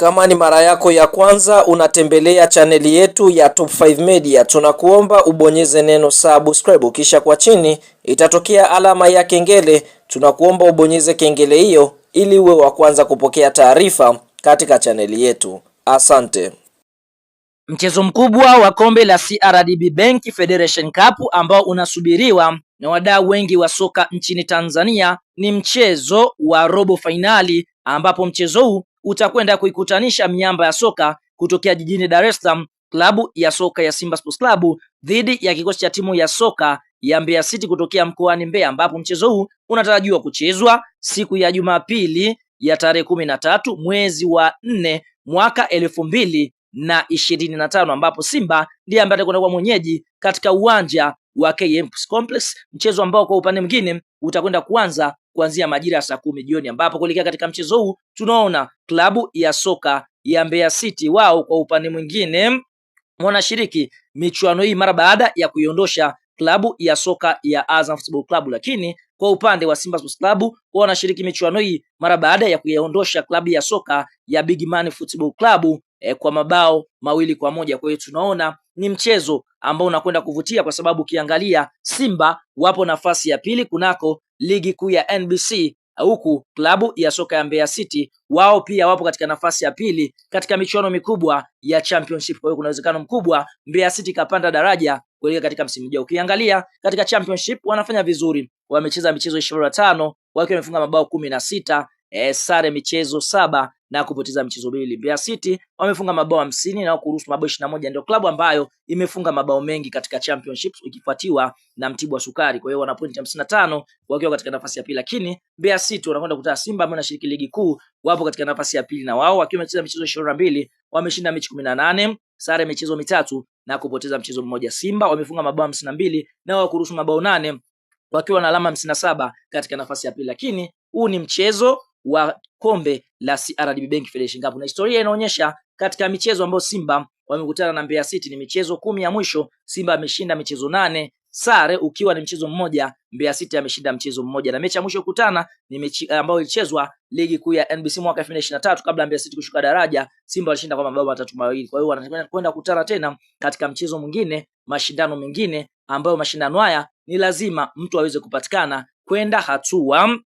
Kama ni mara yako ya kwanza unatembelea chaneli yetu ya Top 5 Media, tunakuomba ubonyeze neno subscribe, kisha kwa chini itatokea alama ya kengele. Tunakuomba ubonyeze kengele hiyo ili uwe wa kwanza kupokea taarifa katika chaneli yetu. Asante. Mchezo mkubwa wa kombe la CRDB Bank Federation Cup ambao unasubiriwa na wadau wengi wa soka nchini Tanzania ni mchezo wa robo fainali ambapo mchezo huu utakwenda kuikutanisha miamba ya soka kutokea jijini Dar es Salaam, klabu ya soka ya Simba Sports Club dhidi ya kikosi cha timu ya soka ya Mbeya City kutokea mkoani Mbeya, ambapo mchezo huu unatarajiwa kuchezwa siku ya Jumapili ya tarehe kumi na tatu mwezi wa nne mwaka elfu mbili na ishirini na tano ambapo Simba ndiye ambaye atakwenda kuwa mwenyeji katika uwanja wa KM Complex, mchezo ambao kwa upande mwingine utakwenda kuanza kuanzia majira ya saa kumi jioni, ambapo kuelekea katika mchezo huu tunaona klabu ya soka ya Mbeya City wao kwa upande mwingine wanashiriki michuano hii mara baada ya kuiondosha klabu ya soka ya Azam Football Club, lakini kwa upande wa Simba Sports Club wao wanashiriki michuano hii mara baada ya kuiondosha klabu ya soka ya Big Man Football Club eh, kwa mabao mawili kwa moja. Kwa hiyo tunaona ni mchezo ambao unakwenda kuvutia kwa sababu ukiangalia Simba wapo nafasi ya pili kunako ligi kuu ya NBC huku klabu ya soka ya Mbeya City wao pia wapo katika nafasi ya pili katika michuano mikubwa ya championship. Kwa hiyo kuna uwezekano mkubwa Mbeya City kapanda daraja kuelekea katika msimu ujao. Ukiangalia katika championship wanafanya vizuri, wamecheza michezo ishirini na tano wakiwa wamefunga mabao kumi na sita e, sare michezo saba na kupoteza mchezo miwili. Mbeya City wamefunga mabao hamsini na kuruhusu mabao ishirini na moja ndio klabu ambayo imefunga mabao mengi katika championship ikifuatiwa na Mtibwa Sukari. Kwa hiyo wana pointi hamsini na tano wakiwa katika nafasi ya pili, lakini Mbeya City wanakwenda kutana Simba ambao wanashiriki ligi kuu, wapo katika nafasi ya pili na wao wakiwa wamecheza michezo ishirini na mbili wameshinda mechi kumi na nane sare michezo mitatu na kupoteza mchezo mmoja. Simba wamefunga mabao hamsini na mbili na wao kuruhusu mabao nane wakiwa na alama hamsini na saba katika nafasi ya pili, lakini huu ni mchezo wa kombe la CRDB Bank Federation Cup, na historia inaonyesha katika michezo ambayo Simba wamekutana na Mbeya City ni michezo kumi ya mwisho, Simba ameshinda michezo nane sare ukiwa ni mchezo mmoja. Mbeya City ameshinda mchezo mmoja, na mechi ya mwisho kutana ni mechi eh, ambayo ilichezwa ligi kuu ya NBC mwaka 2023 kabla Mbeya City kushuka daraja, Simba walishinda kwa mabao matatu mawili. Kwa hiyo wanakwenda kwenda kutana tena katika mchezo mwingine, mashindano mengine, ambayo mashindano haya ni lazima mtu aweze kupatikana kwenda hatua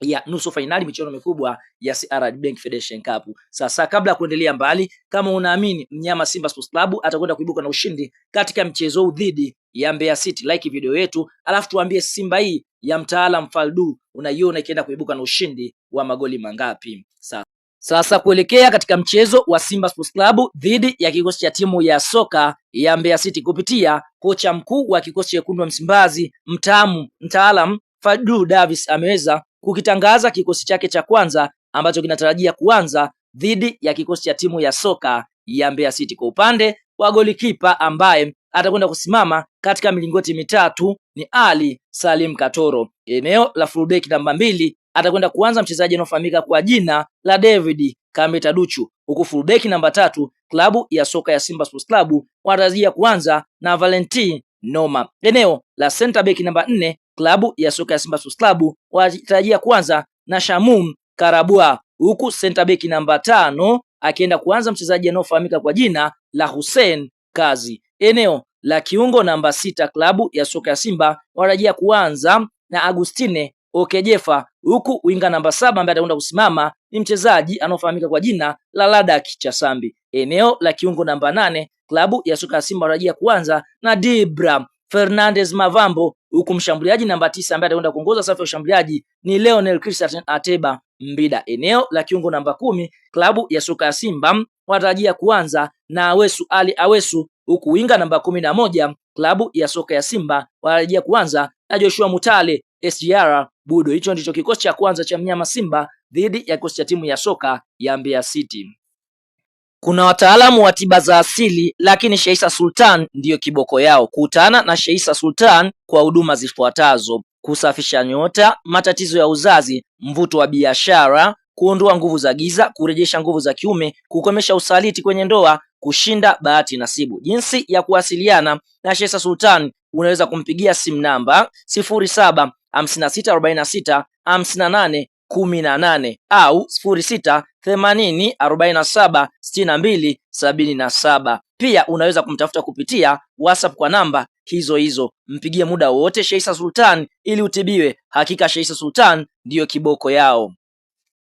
ya nusu fainali michuano mikubwa ya CRDB Bank Federation Cup. Sasa kabla ya kuendelea mbali, kama unaamini mnyama Simba Sports Club atakwenda kuibuka na ushindi katika mchezo huu dhidi ya Mbeya City, like video yetu, alafu tuambie Simba hii ya mtaalam Faldu unaiona ikienda kuibuka na ushindi wa magoli mangapi? Sasa sasa kuelekea katika mchezo wa Simba Sports Club dhidi ya kikosi cha timu ya soka ya Mbeya City kupitia kocha mkuu wa kikosi cha wekundu wa Msimbazi mtaamu mtaalam Fadu Davis ameweza kukitangaza kikosi chake cha kwanza ambacho kinatarajia kuanza dhidi ya kikosi cha timu ya soka ya Mbeya City kwa upande wa golikipa ambaye atakwenda kusimama katika milingoti mitatu ni Ali Salim Katoro. Eneo la fullback namba mbili atakwenda kuanza mchezaji anaofahamika kwa jina la David Kameta Duchu, huku fullback namba tatu klabu ya soka ya Simba Sports Club wanatarajia kuanza na Valentin Noma. Eneo la center back namba nne klabu ya soka ya Simba Sports Club wanatarajia kwanza na Shamum Karabua, huku center back namba tano akienda kuanza mchezaji anayofahamika kwa jina la Hussein Kazi. Eneo la kiungo namba sita klabu ya soka ya Simba wanatarajia kuanza na Agustine Okejefa, huku winga namba saba ambaye atakwenda kusimama ni mchezaji anaofahamika kwa jina la Ladak Chasambi. Eneo la kiungo namba nane klabu ya soka ya Simba wanatarajia kuanza na Dibra Fernandez Mavambo, huku mshambuliaji namba tisa ambaye atakwenda kuongoza safu ya ushambuliaji ni Leonel Christian Ateba Mbida. Eneo la kiungo namba kumi, klabu ya soka ya Simba wanatarajia kuanza na Awesu Ali Awesu, huku winga namba kumi na moja klabu ya soka ya Simba wanatarajia kuanza na Joshua Mutale SGR Budo. Hicho ndicho kikosi cha kwanza cha mnyama Simba dhidi ya kikosi cha timu ya soka ya Mbeya City. Kuna wataalamu wa tiba za asili lakini Sheisa Sultan ndiyo kiboko yao. Kutana na Sheisa Sultan kwa huduma zifuatazo: kusafisha nyota, matatizo ya uzazi, mvuto wa biashara, kuondoa nguvu za giza, kurejesha nguvu za kiume, kukomesha usaliti kwenye ndoa, kushinda bahati nasibu. Jinsi ya kuwasiliana na Sheisa Sultan, unaweza kumpigia simu namba sifuri au sifuri sitini saba. Pia unaweza kumtafuta kupitia WhatsApp kwa namba hizo hizo, mpigie muda wote Sheisa Sultan ili utibiwe. Hakika Sheisa Sultan ndiyo kiboko yao.